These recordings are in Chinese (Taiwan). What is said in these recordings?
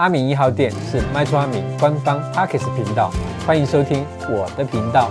阿明一號店是賣厝阿明官方 Podcast 頻道，歡迎收聽我的頻道。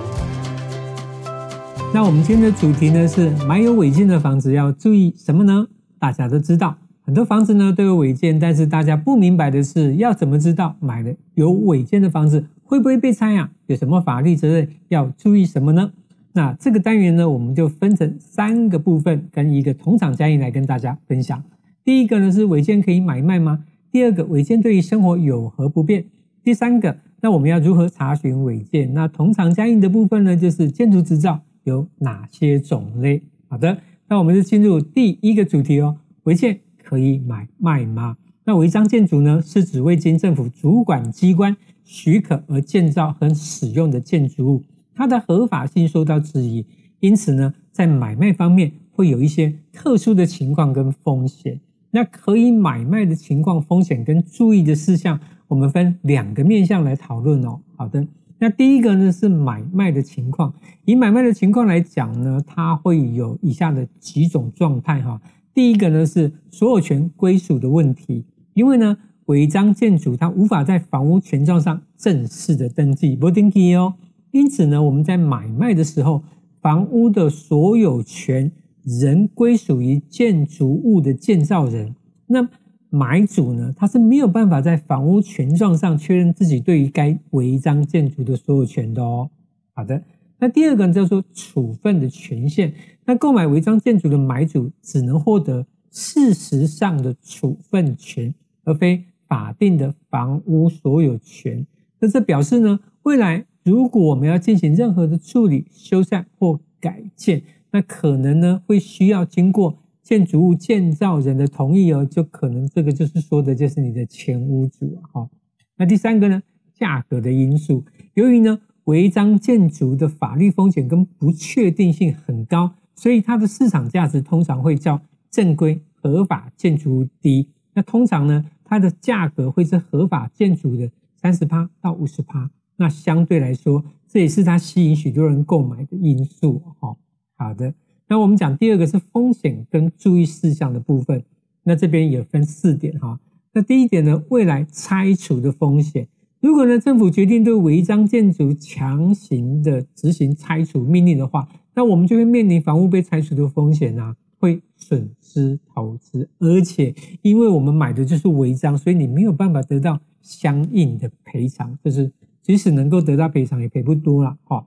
那我們今天的主題呢，是買有違建的房子要注意什麼呢？大家都知道，很多房子呢都有違建，但是大家不明白的是，要怎麼知道買的有違建的房子會不會被拆啊？有什麼法律責任？要注意什麼呢？那這個單元呢，我們就分成三個部分，跟一個同場加映來跟大家分享。第一個呢，是違建可以買賣嗎？第二個違建對於生活有何不便？第三個，那我們要如何查詢違建？那同場加映的部分呢？就是建築執照有哪些種類？好的，那我們就進入第一個主題哦。違建可以買賣嗎？那違章建築呢？是指未經政府主管機關許可而建造和使用的建築物，它的合法性受到質疑，因此呢，在買賣方面會有一些特殊的情況跟風險。那可以買賣的情況、風險跟注意的事項，我們分兩個面向來討論哦。好的，那第一個呢是買賣的情況。以買賣的情況來講呢，它會有以下的幾種狀態哈。第一個呢是所有權歸屬的問題，因為呢違章建築它無法在房屋權狀上正式的登記不定期哦，因此呢我們在買賣的時候，房屋的所有權。人歸屬於建築物的建造人，那買主呢？他是沒有辦法在房屋權狀上確認自己對於該違章建築的所有權的哦。好的，那第二個叫做處分的權限。那購買違章建築的買主只能獲得事實上的處分權，而非法定的房屋所有權。那這表示呢，未來如果我們要進行任何的處理、修繕或改建，那可能呢，會需要經過建築物建造人的同意哦，就可能這個就是說的，就是你的前屋主哈、哦。那第三個呢，價格的因素，由於呢違章建築的法律風險跟不確定性很高，所以它的市場價值通常會較正規合法建築物低。那通常呢，它的價格會是合法建築的三十八到五十趴。那相對來說，這也是它吸引許多人購買的因素哈、哦。好的，那我們講第二個是風險跟注意事項的部分。那這邊也分四點哈。那第一點呢，未來拆除的風險。如果呢政府決定對違章建築強行的執行拆除命令的話，那我們就會面臨房屋被拆除的風險啊，會損失投資，而且因為我們買的就是違章，所以你沒有辦法得到相應的賠償，就是即使能夠得到賠償，也賠不多了哈、哦。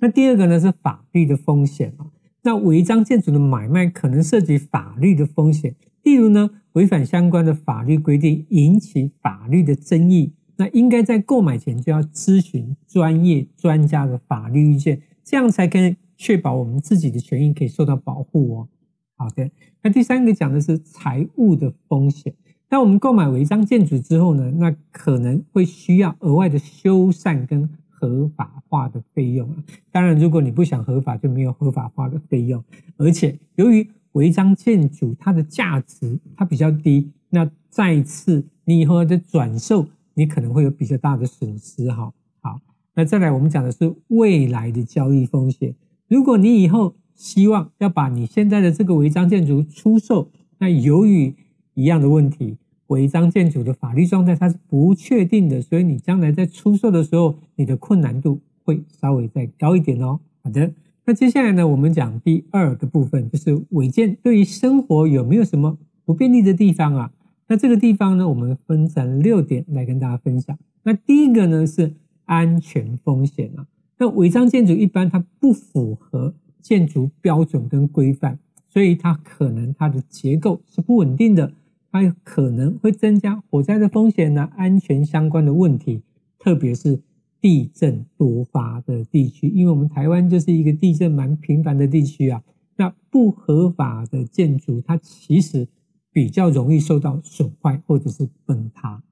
那第二個呢是法律的風險那違章建築的買賣可能涉及法律的風險，例如呢違反相關的法律規定，引起法律的爭議。那應該在購買前就要諮詢專業專家的法律意見，這樣才可以確保我們自己的權益可以受到保護哦。好的，那第三個講的是財務的風險。那我們購買違章建築之後呢，那可能會需要額外的修繕跟合法化的費用，當然，如果你不想合法，就沒有合法化的費用。而且，由於違章建築它的價值它比較低，那再次你以後要再轉售，你可能會有比較大的損失。哈，好，好，那再來我們講的是未來的交易風險。如果你以後希望要把你現在的這個違章建築出售，那由於一樣的問題。違章建築的法律狀態它是不確定的，所以你將來在出售的時候，你的困難度會稍微再高一點哦。好的，那接下來呢，我們講第二個部分，就是違建對於生活有沒有什麼不便利的地方啊？那這個地方呢，我們分成六點來跟大家分享。那第一個呢，是安全風險啊。那違章建築一般它不符合建築標準跟規範，所以它可能它的結構是不穩定的。它有可能會增加火災的風險呢，安全相關的問題，特別是地震多發的地區，因為我們台灣就是一個地震蠻頻繁的地區啊。那不合法的建築，它其實比較容易受到損壞或者是崩塌。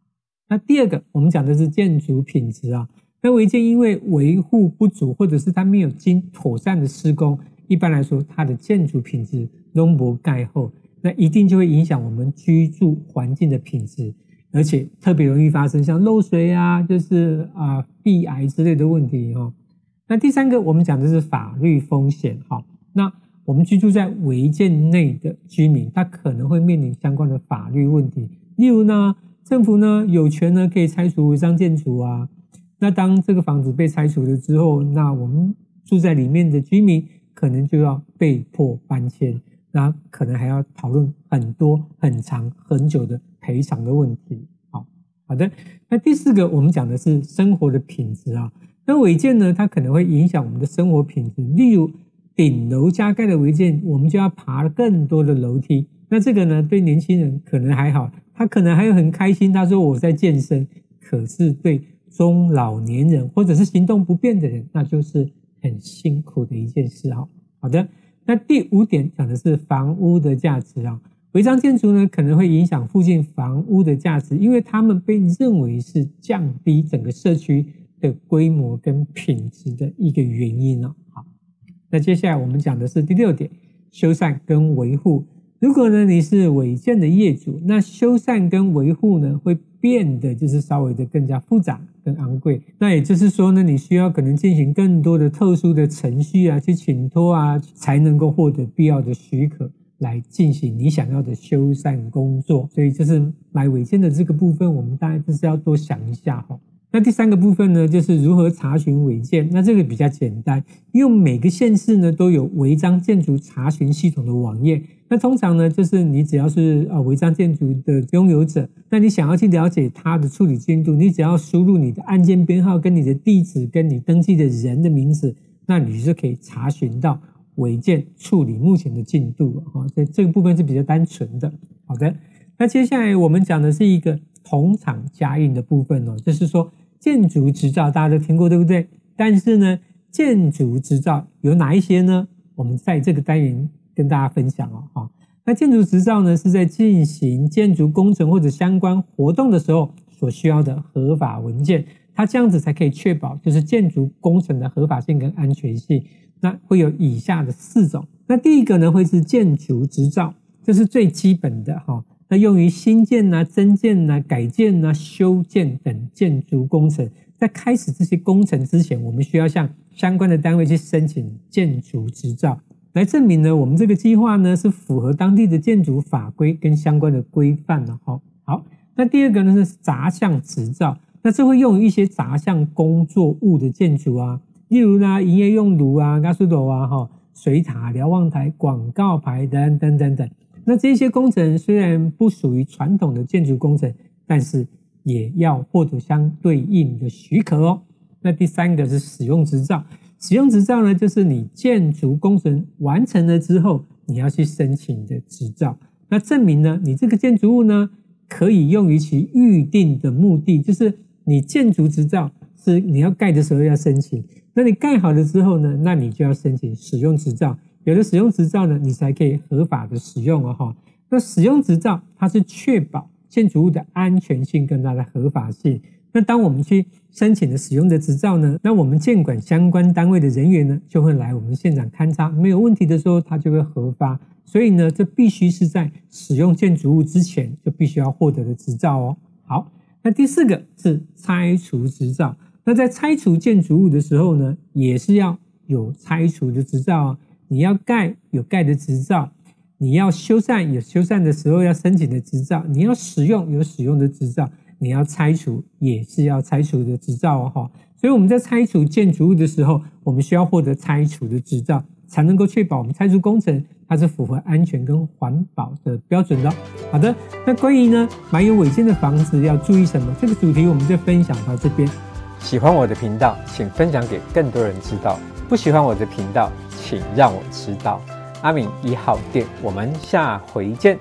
那第二個，我們講的是建築品質啊，那違建因為維護不足，或者是它沒有經妥善的施工，一般來說，它的建築品質都不太好。那一定就會影響我們居住環境的品質，而且特別容易發生像漏水啊，就是啊，壁癌之類的問題哈。那第三個，我們講的是法律風險哈。那我們居住在違建內的居民，他可能會面臨相關的法律問題。例如呢，政府呢有權呢可以拆除違章建築啊。那當這個房子被拆除了之後，那我們住在裡面的居民可能就要被迫搬遷。那可能還要討論很多很長很久的賠償的問題。好，好的。那第四個，我們講的是生活的品質啊。那違建呢，它可能會影響我們的生活品質。例如，頂樓加蓋的違建，我們就要爬更多的樓梯。那這個呢，對年輕人可能還好，他可能還有很開心，他說我在健身。可是對中老年人或者是行動不便的人，那就是很辛苦的一件事。好，好的。那第五點講的是房屋的價值啊，違章建築呢，可能會影響附近房屋的價值，因為他們被認為是降低整個社區的規模跟品質的一個原因哦。好，那接下來我們講的是第六點，修繕跟維護。如果呢，你是違建的業主，那修繕跟維護呢，會變得就是稍微的更加複雜、跟昂貴。那也就是說呢，你需要可能進行更多的特殊的程序啊，去請托啊，才能夠獲得必要的許可來進行你想要的修繕工作。所以，就是買違建的這個部分，我們大家就是要多想一下哈。那第三個部分呢，就是如何查詢違建。那這個比較簡單，因為每個縣市呢都有違章建築查詢系統的網頁。那通常呢，就是你只要是啊違章建築的擁有者，那你想要去了解它的處理進度，你只要輸入你的案件編號，跟你的地址，跟你登記的人的名字，那你就可以查詢到違建處理目前的進度啊。所以這個部分是比較單純的。好的，那接下來我們講的是一個同場加映的部分哦，就是說建築執照大家都聽過，對不對？但是呢，建築執照有哪一些呢？我們在這個單元跟大家分享哦，啊，那建築執照呢，是在進行建築工程或者相關活動的時候所需要的合法文件，它這樣子才可以確保就是建築工程的合法性跟安全性，那會有以下的四種，那第一個呢，會是建築執照，這、就是最基本的哈，那用於新建吶、啊、增建吶、啊、改建吶、啊、修建等建築工程，在開始這些工程之前，我們需要向相關的單位去申請建築執照。來證明呢，我們這個計劃呢是符合當地的建築法規跟相關的規範的哈。好，那第二個呢是雜項執照，那這會用於一些雜項工作物的建築啊，例如呢營業用爐啊、高數斗啊、哈水塔、瞭望台、廣告牌等等等等。那這些工程雖然不屬於傳統的建築工程，但是也要獲得相對應的許可哦。那第三個是使用執照。使用執照呢，就是你建築工程完成了之後，你要去申請的執照。那證明呢，你這個建築物呢，可以用於其預定的目的。就是你建築執照是你要蓋的時候要申請，那你蓋好了之後呢，那你就要申請使用執照。有了使用執照呢，你才可以合法的使用哦哈。那使用執照它是確保建築物的安全性跟它的合法性。那當我們去申請的使用的執照呢，那我們建管相關單位的人員呢，就會來我們現場勘查。沒有問題的時候，它就會核發。所以呢，這必須是在使用建築物之前就必須要獲得的執照哦。好，那第四個是拆除執照。那在拆除建築物的時候呢，也是要有拆除的執照哦。你要蓋有蓋的執照，你要修繕有修繕的時候要申請的執照，你要使用有使用的執照。你要拆除也是要拆除的執照哦，哦，所以我們在拆除建築物的時候，我們需要獲得拆除的執照，才能夠確保我們拆除工程它是符合安全跟環保的標準的，哦。好的，那關於呢買有違建的房子要注意什麼？這個主題我們就分享到這邊。喜歡我的頻道，請分享給更多人知道；不喜歡我的頻道，請讓我知道。阿敏一號店，我們下回見。